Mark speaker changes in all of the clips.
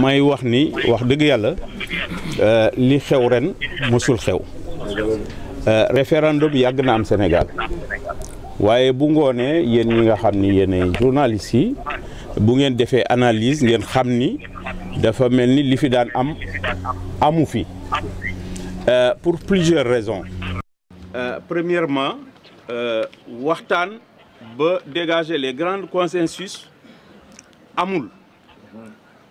Speaker 1: may wax ni wax dëgg yàlla euh, li xew ren mësul xew euh, référendum yàgg na am Sénégal waye bu ngone yeen ñi nga xamni ni journalist yi bu ngeen défé analyse ngeen xamni dafa melni li fi daan am amu fi euh, pour plusieurs raisons premièrement waxtaan ba dégager les grands consensus amul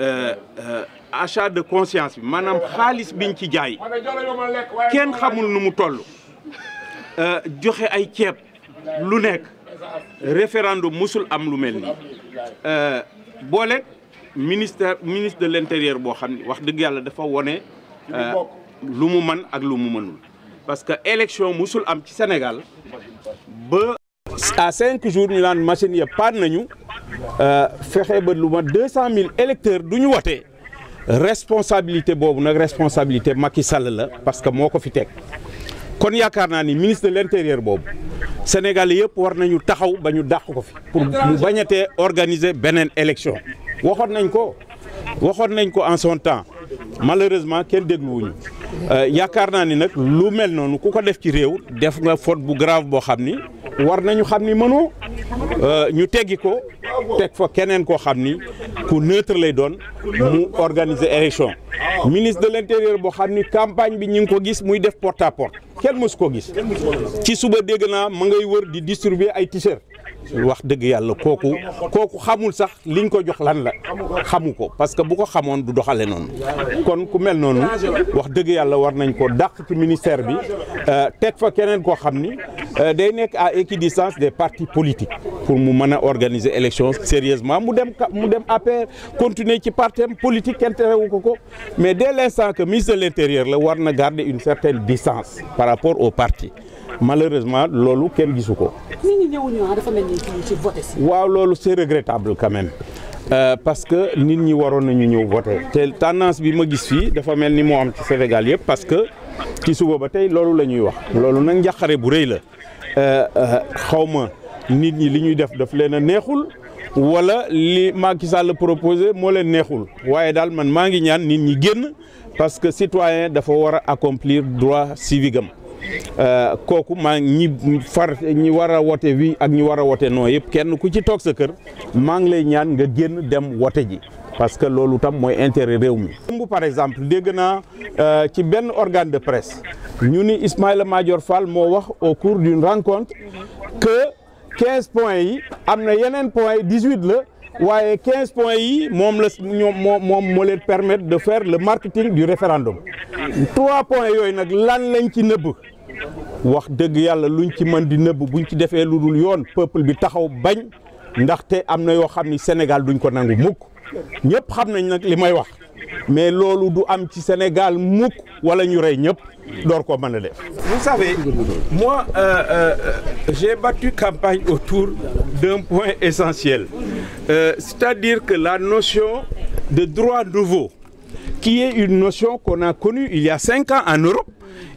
Speaker 1: Euh, euh, achat de conscience bi maanaam xaalis biñ ci jaay kenn xamul nu mu toll euh, joxe ay ceeb lu nekk référendum musul am lu mel nii boole ministère ministre de l'intérieur boo xam ne wax dëgg yàlla dafa wone lu mu man ak lu mu mënul parce que élection musul am ci Sénégal ba à cinq jours ñu naan machine ya paan nañu 200 euh, ba lu électeurs responsabilité responsabilité Macky Sall la parce que moko fi ministre de l'intérieur bobu sénégalais war nañu taxaw pour organiser élection ko en son temps malheureusement il euh, a ni nak lu mel nonu kuko def ci réew def nga faute bu grave Euh, ñu teggi ko teg fa keneen koo xam ni ku neutre lay doon mu organiser élection ministre de l'intérieur boo xam ni campagne bi ñu ngi ko gis muy def porte à porte kenn mësu ko gis ci suba dégg naa ma ngay wër di distribuer ay t-shirt wax dëgg yàlla kooku kooku xamul sax liñ ko jox lan la xamu ko parce que bu ko xamoon du doxale noonu kon ku mel noonu wax dëgg yàlla war nañ ko dàq ci ministère bi euh, teg fa keneen koo xam ni Euh, day nek à équidistance des partis politiques pour mu mën organiser élection sérieusement mu dem mu dem APR continuer ci partem politique intérêt wu ko mais dès l'instant que ministre de l'intérieur le warna garder une certaine distance par rapport au parti malheureusement loolu kenn gisu ko. Ah, waaw lolu c'est regrettable quand même. Euh, parce que nit ñi waron nañu ñew voter té tendance bi ma gis fi dafa melni mo am ci Sénégal yépp parce que ci suba ba tay lolu lañuy wax lolu nag njaqare bu rëy la Euh, euh, xaw ma nit ñi li ñuy def daf leen a neexul wala li Macky Sall proposé moo leen neexul waaye daal man maa ngi ñaan nit ñi génn parce que citoyen dafa war a accomplir droit civique am euh, kooku maa ñi far ñi war a wote wi ak ñi war a wote non yëpp kenn ku ci toog sa kër maa ngi lay ñaan nga génn dem wote ji parce que loolu tam mooy intérêt réew mi. par exemple dégg naa ci benn organe de presse. ñu Ismaël Ismaïla Madior Fall moo wax au cours d'une rencontre que 15 points yi am na points 18 le waaye 15 points yi moom la ñoom permettre de faire le marketing du référendum. 3 points yooyu nag lan lañ ci nëbb wax deug yalla luñ ci mën di neub buñ ci défé lu dul yoon peuple bi taxaw bañ ndaxte am na yoo Sénégal duñ ko nangu mukk ñëpp xamnañ nak limay wax mais lolu du am ci Sénégal Mouk, wala ñu vous savez moi euh, euh, j'ai battu campagne autour d'un point essentiel euh, c'est-à-dire que la notion de droit nouveau qui est une notion qu'on a connue il y a cinq ans en Europe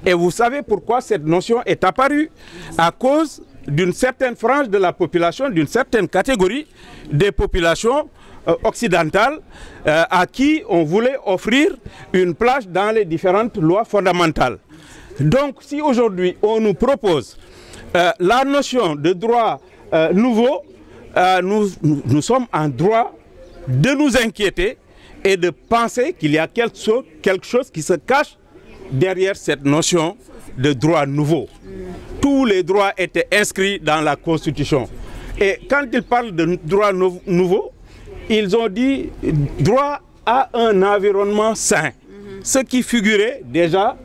Speaker 1: et vous savez pourquoi cette notion est apparue à cause d'une certaine frange de la population, d'une certaine catégorie des populations euh, occidentale euh, à qui on voulait offrir une place dans les différentes lois fondamentales. Donc si aujourd'hui on nous propose euh, la notion de droit nouveau, nous, nous sommes en droit de nous inquiéter et de penser qu'il y a quelque chose, quelque chose qui se cache derrière cette notion de droit nouveau. Tous les droits étaient inscrits dans la Constitution. Et quand il parle de droit nouveau, ils ont dit droit à un environnement sain, mhm. ce qui figurait déjà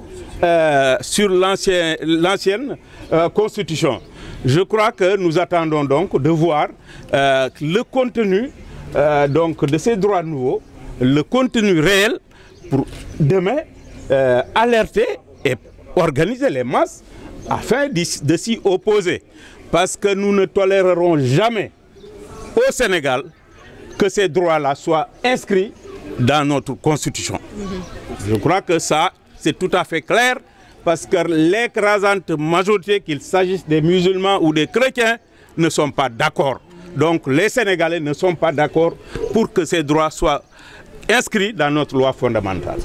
Speaker 1: euh, sur l'ancienne euh, constitution. Je crois que nous attendons donc de voir euh, le contenu donc de ces droits nouveaux, le contenu réel pour demain alerter et organiser les masses afin de s'y opposer. Parce que nous ne tolérerons jamais au Sénégal que ces droits-là soient inscrits dans notre constitution. Mhm. Je crois que ça, c'est tout à fait clair, parce que l'écrasante majorité, qu'il s'agisse des musulmans ou des chrétiens, ne sont pas d'accord. Donc les Sénégalais ne sont pas d'accord pour que ces droits soient inscrits dans notre loi fondamentale.